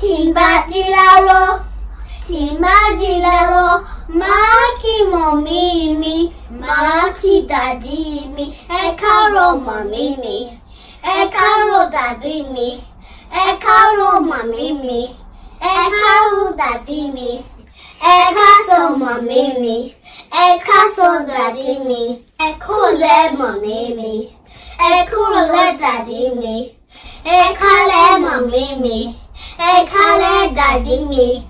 tí n bá ti láró tí n bá ti láró máa kí mọ̀mí mi máa kí dàdí mi ẹ káàárọ̀ mọ̀mí mi ẹ káàárọ̀ dàdí mi ẹ káàárọ̀ mọ̀mí mi ẹ káàárọ̀ dàdí mi ẹ káàsán mọ̀mí mi ẹ káàsán dàdí mi ẹ kúlẹ̀ mọ̀mí mi ẹ kúlẹ̀ Hey Khaled, diving me.